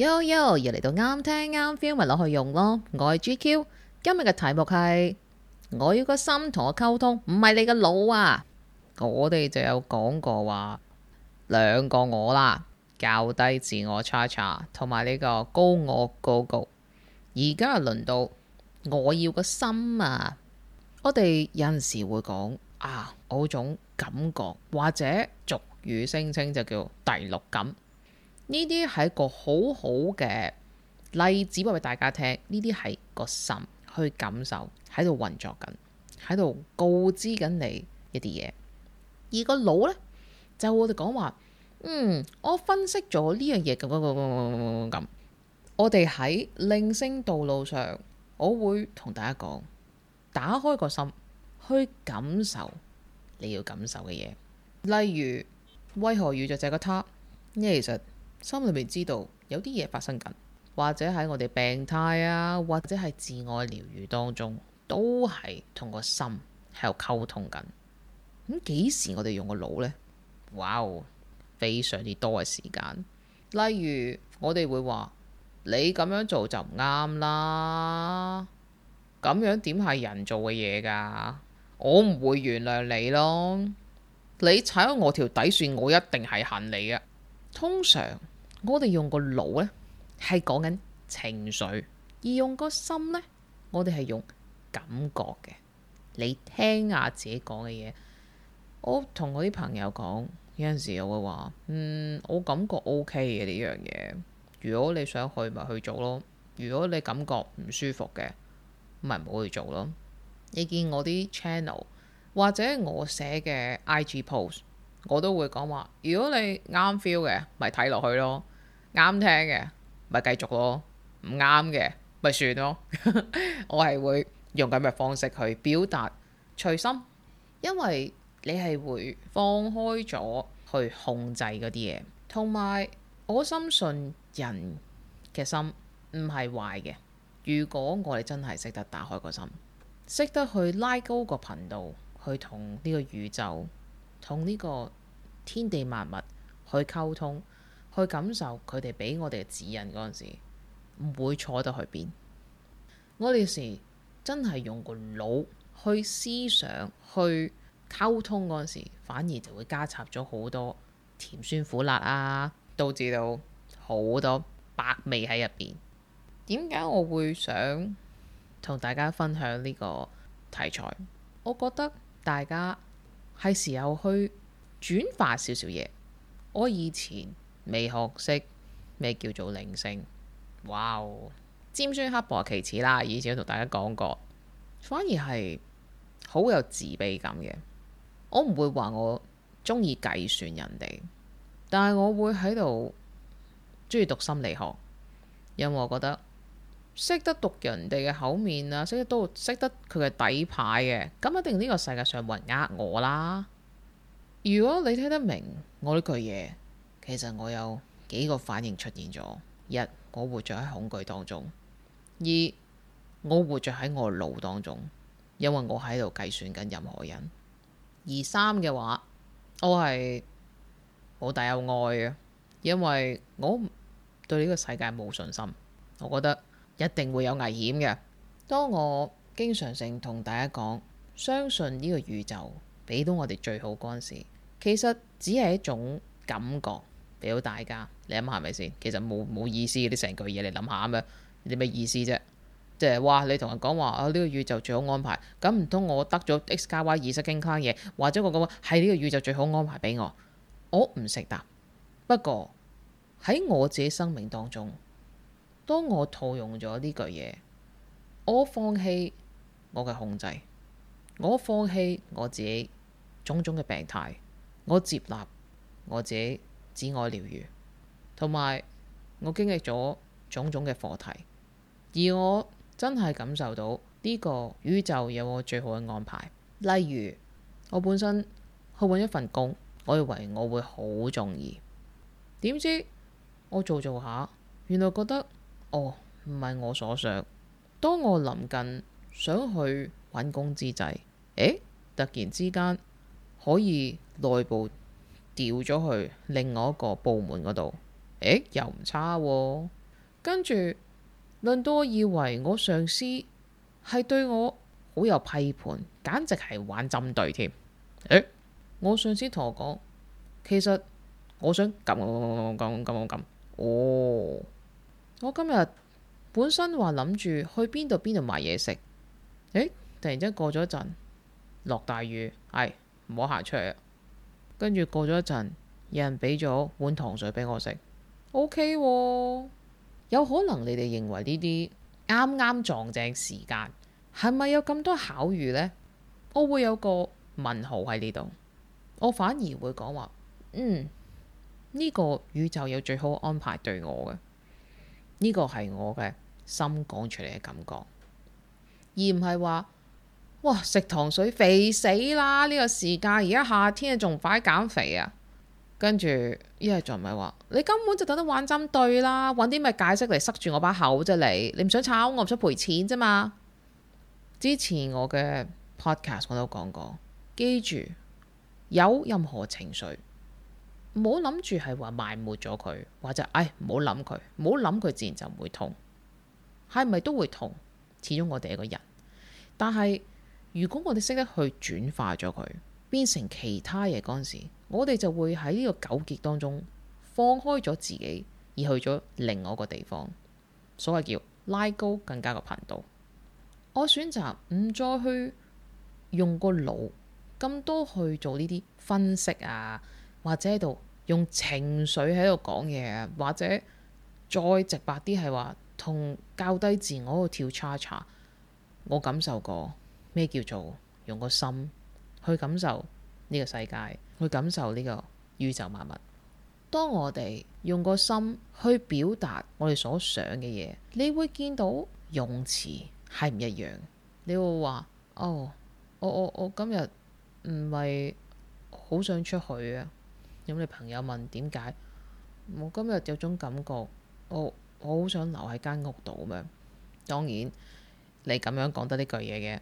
悠悠又嚟到啱聽啱 feel 咪攞去用囉，我係 GQ，今日嘅題目係我要個心同我溝通，唔係你個腦啊！ 我哋就有講過話兩個我啦，較低自我差差同埋呢個高我高高。」而家就輪到我要個心啊！我哋有陣時會講啊，嗰種感覺或者俗語聲稱就叫第六感。呢啲係一個好好嘅例子，話俾大家聽。呢啲係個心去感受喺度運作緊，喺度告知緊你一啲嘢。而個腦呢，就我哋講話，嗯，我分析咗呢樣嘢嘅嗰個咁、那個。我哋喺靈性道路上，我會同大家講，打開個心去感受你要感受嘅嘢，例如為何遇著這個他？」因為其實。心裏面知道有啲嘢發生緊，或者喺我哋病態啊，或者係自我療愈當中，都係同個心喺度溝通緊。咁、嗯、幾時我哋用個腦呢？哇、wow，非常之多嘅時間。例如我哋會話你咁樣做就唔啱啦，咁樣點係人做嘅嘢㗎？我唔會原諒你咯。你踩咗我條底線，我一定係恨你嘅。通常。我哋用個腦呢，係講緊情緒；而用個心呢，我哋係用感覺嘅。你聽下自己講嘅嘢。我同我啲朋友講，有陣時我會話：嗯，我感覺 OK 嘅呢樣嘢。如果你想去，咪去做咯；如果你感覺唔舒服嘅，咪唔好去做咯。你見我啲 channel 或者我寫嘅 IG post。我都會講話，如果你啱 feel 嘅，咪睇落去咯；啱聽嘅，咪繼續咯；唔啱嘅，咪算咯。 我係會用咁嘅方式去表達隨心，因為你係會放開咗去控制嗰啲嘢，同埋我深信人嘅心唔係壞嘅。如果我哋真係識得打開個心，識得去拉高個頻道，去同呢個宇宙。同呢個天地萬物去溝通，去感受佢哋俾我哋嘅指引嗰陣時，唔會錯到去邊。我哋時真係用個腦去思想、去溝通嗰陣時，反而就會加插咗好多甜酸苦辣啊，導致到好多百味喺入邊。點解我會想同大家分享呢個題材？我覺得大家。係時候去轉化少少嘢。我以前未學識咩叫做靈性，哇、哦、尖酸刻薄其次啦。以前我同大家講過，反而係好有自卑感嘅。我唔會話我中意計算人哋，但係我會喺度中意讀心理學，因為我覺得。識得讀人哋嘅口面啊，識得都識得佢嘅底牌嘅，咁一定呢個世界上冇人呃我啦。如果你聽得明我呢句嘢，其實我有幾個反應出現咗：一，我活着喺恐懼當中；二，我活着喺我腦當中，因為我喺度計算緊任何人；而三嘅話，我係好大有愛嘅，因為我對呢個世界冇信心，我覺得。一定會有危險嘅。當我經常性同大家講，相信呢個宇宙俾到我哋最好嗰陣時，其實只係一種感覺俾到大家。你諗下係咪先？其實冇冇意思嗰啲成句嘢，你諗下咩？你咩意思啫？即係話你同人講話啊，呢個宇宙最好安排，咁唔通我得咗 x 加 y 二式經卡嘢，或者我講話係呢個宇宙最好安排俾我，我唔識答。不過喺我自己生命當中。當我套用咗呢句嘢，我放棄我嘅控制，我放棄我自己種種嘅病態，我接納我自己自愛療癒，同埋我經歷咗種種嘅課題，而我真係感受到呢個宇宙有我最好嘅安排。例如我本身去搵一份工，我以為我會好鍾意，點知我做做下，原來覺得。哦，唔係、oh, 我所想。當我臨近想去揾工之際，誒、欸，突然之間可以內部調咗去另外一個部門嗰度，誒、欸，又唔差，啊喎。跟住，輪到我以為我上司係對我好有批判，簡直係玩針對添。誒、欸，我上司同我講，其實我想咁咁咁咁咁哦。我今日本身話諗住去邊度邊度買嘢食，誒，突然之間過咗一陣落大雨，唔好行出去啊。跟住過咗一陣，有人俾咗碗糖水俾我食，OK 喎。有可能你哋認為呢啲啱啱撞正時間，係咪有咁多巧遇呢？我會有個問號喺呢度，我反而會講話嗯，呢個宇宙有最好安排對我嘅。呢個係我嘅心講出嚟嘅感覺，而唔係話：哇！食糖水肥死啦！呢個時間而家夏天你仲唔快減肥啊！跟住一係就唔係話你根本就等得玩針對啦，揾啲咩解釋嚟塞住我把口啫！你你唔想炒，我唔想賠錢啫嘛！之前我嘅 Podcast 我都講過，記住有任何情緒。唔好諗住係話埋沒咗佢，或者唉，唔好諗佢，唔好諗佢，自然就唔會痛。係咪都會痛？始終我哋係一個人，但係如果我哋識得去轉化咗佢，變成其他嘢嗰陣時，我哋就會喺呢個糾結當中放開咗自己，而去咗另外一個地方。所謂叫拉高更加嘅頻道，我選擇唔再去用個腦咁多去做呢啲分析啊。或者喺度用情緒喺度講嘢，或者再直白啲係話同較低自我去跳叉叉。Cha, 我感受過咩叫做用個心去感受呢個世界，去感受呢個宇宙萬物。當我哋用個心去表達我哋所想嘅嘢，你會見到用詞係唔一樣。你會話：哦，我我我今日唔係好想出去啊。咁、嗯、你朋友問點解我今日有種感覺，哦、我我好想留喺間屋度咁樣。當然你咁樣講得呢句嘢嘅，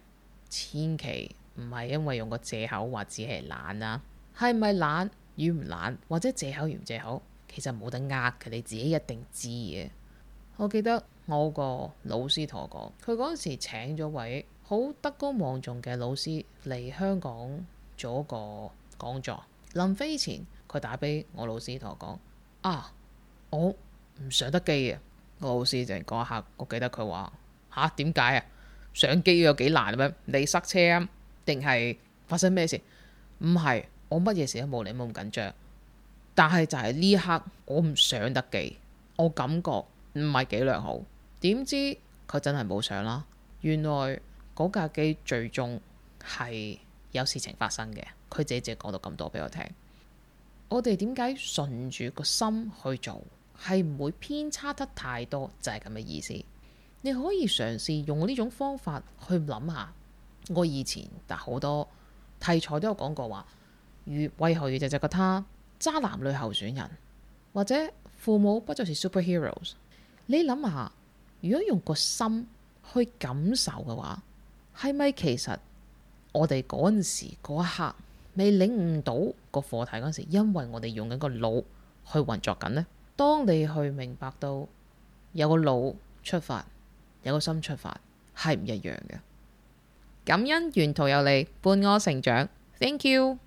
千祈唔係因為用個借口話自己係懶啦、啊，係咪懶與唔懶，或者借口與唔借口，其實冇得呃嘅，你自己一定知嘅。我記得我個老師同我講，佢嗰陣時請咗位好德高望重嘅老師嚟香港做一個講座，臨飛前。佢打俾我老師同我講啊，我唔上得機啊！我老師就講下，我記得佢話吓點解啊？上機有幾難咩？你塞車定係發生咩事？唔係，我乜嘢事都冇，你冇咁緊張。但係就係呢刻我唔上得機，我感覺唔係幾良好。點知佢真係冇上啦。原來嗰架機最終係有事情發生嘅。佢姐姐講到咁多俾我聽。我哋點解順住個心去做，係唔會偏差得太多，就係咁嘅意思。你可以嘗試用呢種方法去諗下，我以前但好多題材都有講過話，為何遇著這個他渣男女候選人，或者父母不就是 Superheroes？你諗下，如果用個心去感受嘅話，係咪其實我哋嗰陣時嗰一刻？未領悟到個課題嗰時，因為我哋用緊個腦去運作緊呢。當你去明白到有個腦出發，有個心出發，係唔一樣嘅。感恩沿途有你伴我成長，Thank you。